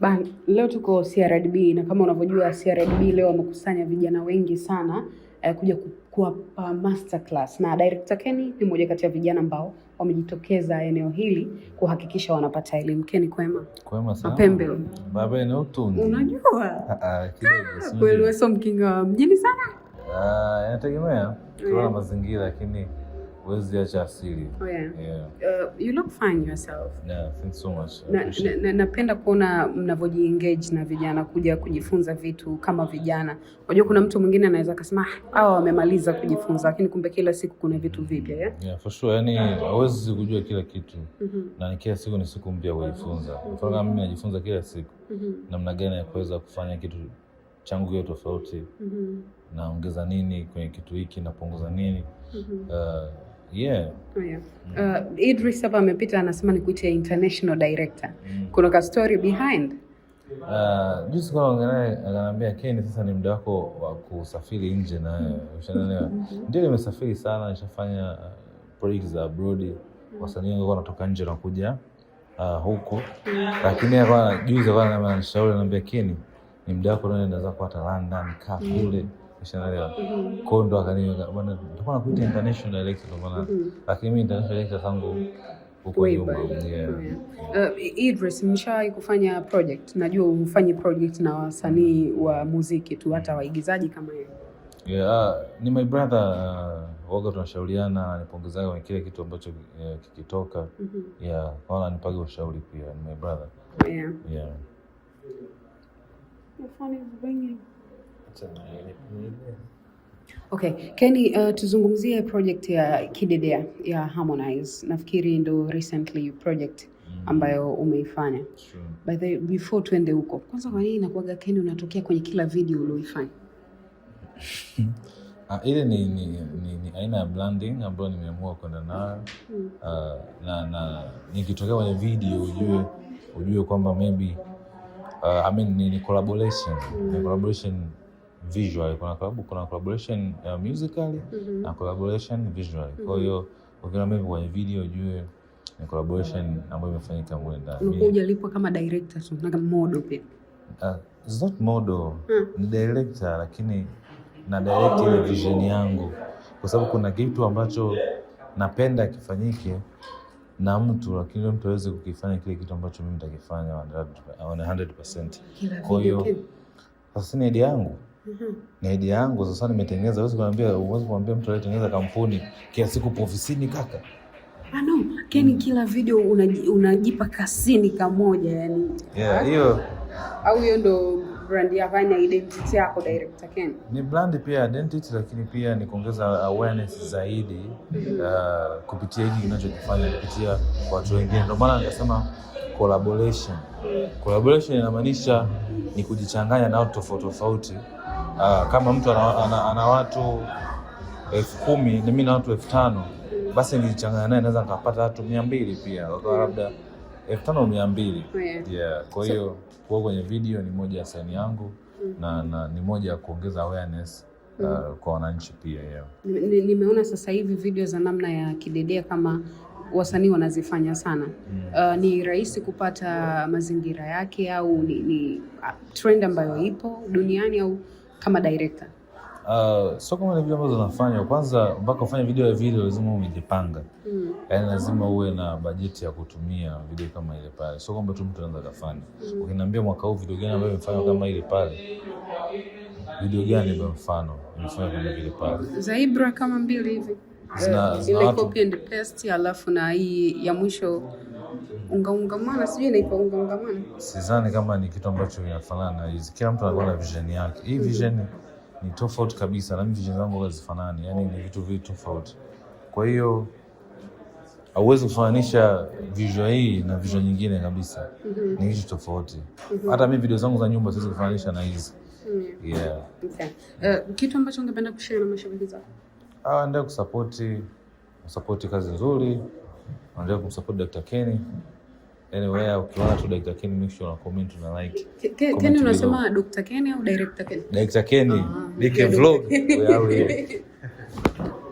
Ban, leo tuko CRDB na kama unavyojua CRDB leo wamekusanya vijana wengi sana eh, kuja kuwapa masterclass na director Kenny ni mmoja kati ya vijana ambao wamejitokeza eneo hili kuhakikisha wanapata elimu. Kenny, kwema? Kwema sana. Mapembe. Baba ni utundi. Unajua? Ah, ah, ah, kweli wewe sio mkinga mjini sana? Ah, inategemea kwa eh. mazingira lakini Weziacha asili. Oh yeah. Yeah. Uh, you look fine yourself. Yeah, thanks so much. Napenda na, na kuona mnavyojiengage na vijana kuja kujifunza vitu kama vijana. Unajua kuna mtu mwingine anaweza akasema ah, hawa wamemaliza kujifunza, lakini kumbe kila siku kuna vitu vipya yeah? Yeah, for sure. Yani hawezi kujua kila kitu mm -hmm. na kila siku ni siku mpya kujifunza. Mfano mm-hmm. kama mimi najifunza kila siku mm -hmm. namna gani ya kuweza kufanya kitu changu hiyo tofauti mm -hmm. naongeza nini kwenye kitu hiki, napunguza nini mm -hmm. uh, Yeah. Oh, yeah. Uh, hapa amepita anasema nikuite international director. Mm. Kuna ka story behind. Uh, juzi kwa nganaye ananiambia Ken, sasa ni muda wako wa kusafiri nje na mm. ushanelewa. Mm-hmm. Ndio nimesafiri sana, nishafanya uh, za abroad. Mm. Wasanii wengi natoka nje nakuja uh, huko. Mm. Lakini kwa juzi kwa anaambia Ken, ni muda wako unaenda zako hata London, kaa kule. Mm. Ushaelewa? Mm-hmm. Kwa hiyo ndo akaniweka bwana, nitakuwa nakuita international elector kwa maana, mm-hmm. lakini mimi international elector zangu huko nyuma. Uh, Idris, mshawahi kufanya project? Najua umfanyi project na wasanii mm-hmm. wa muziki tu, hata waigizaji kama yeye. Yeah, ah, ni my brother uh, waga tunashauriana, nipongeza kwa kile kitu ambacho uh, kikitoka mm -hmm. yeah, kwa ananipaga ushauri pia, ni my brother yeah. Yeah. Okay, Kenny, uh, tuzungumzie project ya Kidedea ya Harmonize. Nafikiri ndo recently project mm. ambayo umeifanya. Sure. By the before tuende huko, kwanza kwa nini inakuwaga Kenny unatokea kwenye kila video ulioifanya? Uh, ah, ile ni, ni, ni, ni aina ya branding ambayo nimeamua kwenda nayo mm. Uh, na, na nikitokea kwenye video ujue ujue kwamba maybe uh, I mean, ni, ni collaboration mm. ni collaboration visually. Kuna kuna collaboration uh, musically mm -hmm. na mhm. collaboration visually. Kwa mhm. hiyo ukiona mimi kwenye video jue ni collaboration ambayo imefanyika mule ndani. Ulikuwa lipo kama director tu na kama model pia. Uh, it's not model, hmm. ni director lakini na direct ile vision yangu kwa sababu kuna kitu ambacho napenda kifanyike na mtu lakini mtu aweze kukifanya kile kitu ambacho mimi nitakifanya 100%. Kwa hiyo sasa ni idea yangu na mm-hmm. idea yangu sasa nimetengeneza. Huwezi kuambia, huwezi kuambia mtu aliyetengeneza kampuni kila siku po ofisini kaka. Ah, no. keni mm. kila video unajipa una kasini kamoja yani. Yeah, hiyo. Au hiyo ndo brand ya Vanya identity yako director Ken. Ni brand pia identity, lakini pia ni kuongeza awareness zaidi mm -hmm. uh, kupitia hiki kinachokifanya kupitia kwa watu wengine. Ndio maana nikasema collaboration. Mm. Collaboration inamaanisha ni kujichanganya na watu tofauti tofauti uh, kama mtu ana, ana, ana watu elfu kumi na mimi na watu elfu tano basi nilichanganya naye naweza nikapata watu mia mbili pia wakawa mm. labda elfu tano mia mbili yeah. Kwa hiyo kuwa kwenye video ni moja ya saini yangu mm -hmm. na, na ni moja ya kuongeza awareness mm. Uh, mm -hmm. kwa wananchi pia yeah. Nimeona ni sasa hivi video za namna ya kidedea kama wasanii wanazifanya sana mm Uh, ni rahisi kupata mazingira yake au ni, ni uh, trend ambayo ipo duniani au kama director? Uh, so kama video ambazo nafanya, kwanza, mpaka ufanye video ya video lazima umejipanga, mm. Yaani lazima uwe na bajeti ya kutumia video kama ile pale, so kwamba tu mtu anaweza kufanya. Mm. Ukiniambia mwaka huu video gani ambayo imefanywa kama ile pale, video gani kwa mfano imefanywa kama ile pale, Ibra kama mbili hivi, ile copy and paste, alafu na hii ya mwisho unga sijui inaitwa unga Sidhani kama ni kitu ambacho kinafanana hizi, kila mtu anakuwa na vision yake. Hii mm-hmm. vision ni tofauti kabisa, na mimi vision zangu hazifanani, yani ni vitu vitu tofauti. Kwa hiyo hauwezi kufananisha vision hii na vision nyingine kabisa, mm-hmm. ni kitu tofauti. Mm-hmm. Hata mimi video zangu za nyumba siwezi kufananisha na hizi. Yeah. Okay. Uh, kitu ambacho ungependa kushare na mashabiki zako? Ah, ndio kusapoti, kusapoti kazi nzuri, naendelea kumsapoti Dr. Kenny anyway, wewe ukiona tu Dr. Ken make sure una comment na like. Ken unasema Dr. Ken au Director Ken? Director Ken. DK vlog we are here.